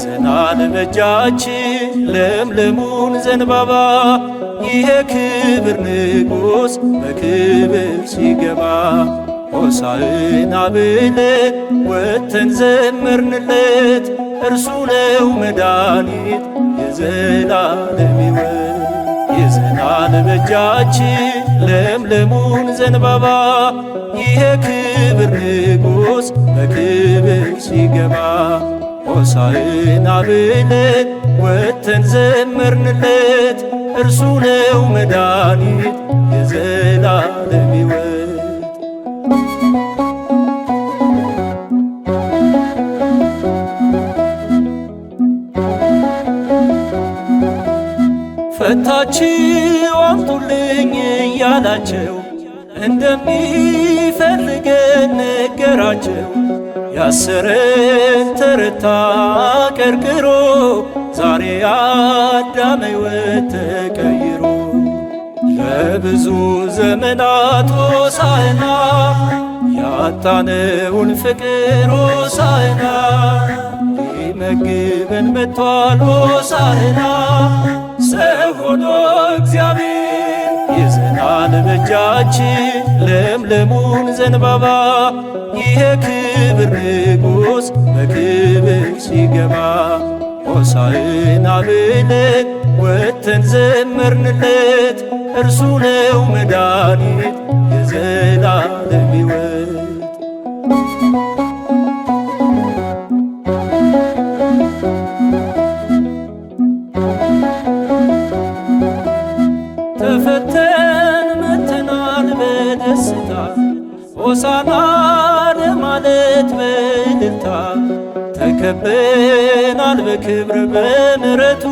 ይዘናል በእጃችን ለምለሙን ዘንባባ ይሄ ክብር ንጉሥ በክብር ሲገባ ሆሳዕና ብለን ወተን ዘመርንለት እርሱ ነው መድኃኒት የዘላለም ሕይወት ይዘናል በእጃችን ለምለሙን ዘንባባ ይሄ ክብር ንጉሥ በክብር ሲገባ ሆሳዕና ብለን ወተን ዘመርንለት እርሱ ነው መድኃኒት የዘላለም ሕይወት ፈታችው አምጡልኝ እያላቸው እንደሚፈልገን ነገራቸው። ያሰረን ተረታ ቀርቅሮ ዛሬ አዳም ሕይወት ተቀይሮ ለብዙ ዘመናት ሆሳዕና ያጣነውን ፍቅር ሆሳዕና ሊመግበን መጥቷል ሆሳዕና ሰው ሆኖ እግዚአብሔር ጫን በእጃችን ለምለሙን ዘንባባ ይሄ ክብር ንጉሥ በክብር ሲገባ ሆሳዕና ብለን ወተን ዘመርንለት እርሱ ነው መድኃኒት የዘላለ አቅርቦናል በክብር በምረቱ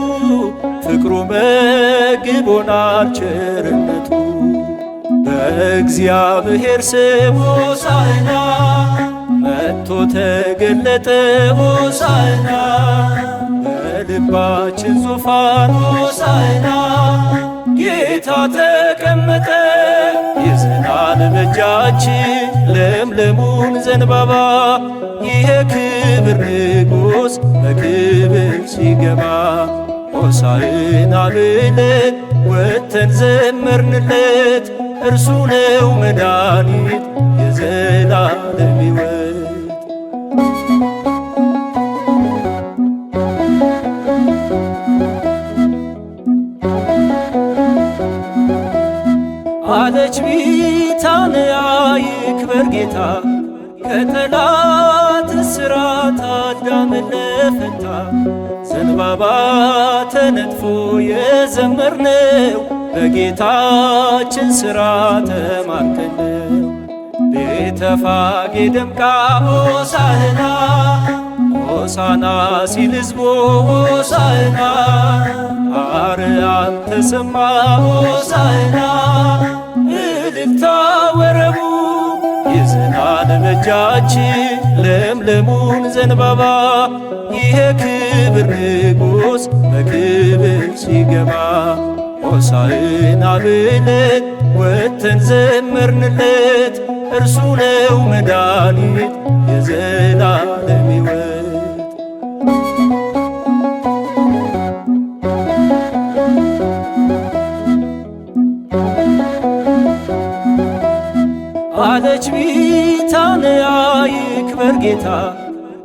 ፍቅሩ መግቦናል ቸርነቱ በእግዚአብሔር ስም ሆሳዕና መጥቶ ተገለጠ ሆሳዕና በልባችን ዙፋን ሆሳዕና ጌታ ተቀመጠ ይዘናል በእጃችን ለምለሙን ዘንባባ ይሄ ክብር ንጉ በክብር ሲገባ ሆሳዕና ብለን ወጥተን ዘመርንለት። እርሱ ነው መድኃኒት የዘላለም ሕይወት። አለች ቢታንያ ይክበር ጌታ ከጠላ እስራት አዳምን ለፈታ ዘንባባ ተነጥፎ የዘመርነው በጌታችን ሥራ ተማርከን ቤተፋጌ ደምቃ ሆሳዕና ሆሳዕና ሲል ሕዝቡ ሆሳዕና አርያም ተሰማ ሆሳዕና እልልታ ወረቡ ይዝናል በጃችን ለምለሙን ዘንባባ ይሄ ክብር ንጉሥ በክብር ሲገባ ሆሳዕና ብለን ወተን ዘመርንለት እርሱ ነው መድኃኒት የዘላለም ሕይወት አለች ቢታንያ አክበር ጌታ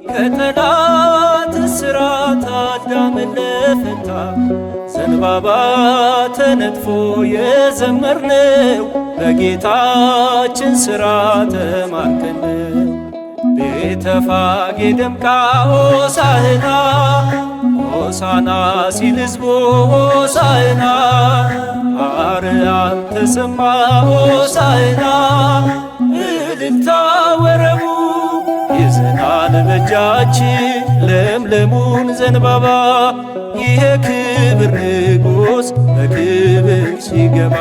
ከጠላት እስራት አዳምን ለፈታ ዘንባባ ተነጥፎ የዘመርነው በጌታችን ሥራ ተማርከን ቤተፋጌ ደምቃ ሆሳዕና ሆሳዕና ሲል ሕዝቡ ሆሳዕና አርያም ተሰማ ሆሳዕና እልልታ ወረቡ አልበጃችን ለምለሙን ዘንባባ ይሄ ክብር ንጉሥ በክብር ሲገባ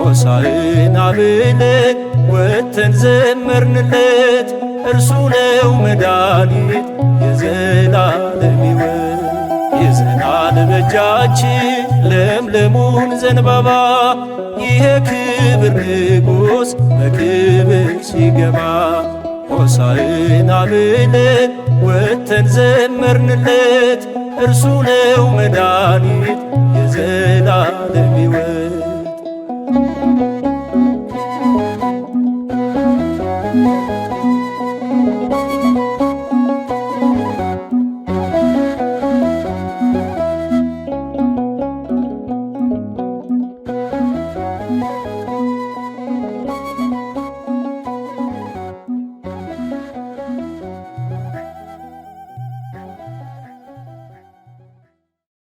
ሆሳዕና ብለን ወተን ዘመርንለት እርሱ ነው መድኃኒት የዘላለም ሕይወት ይዘናል በእጃችን ለምለሙን ዘንባባ ይሄ ክብር ንጉሥ በክብር ሲገባ ሆሳዕና ብለን ዘመርንለት እርሱ ነው መድኃኒት የዘላለም ሕይወት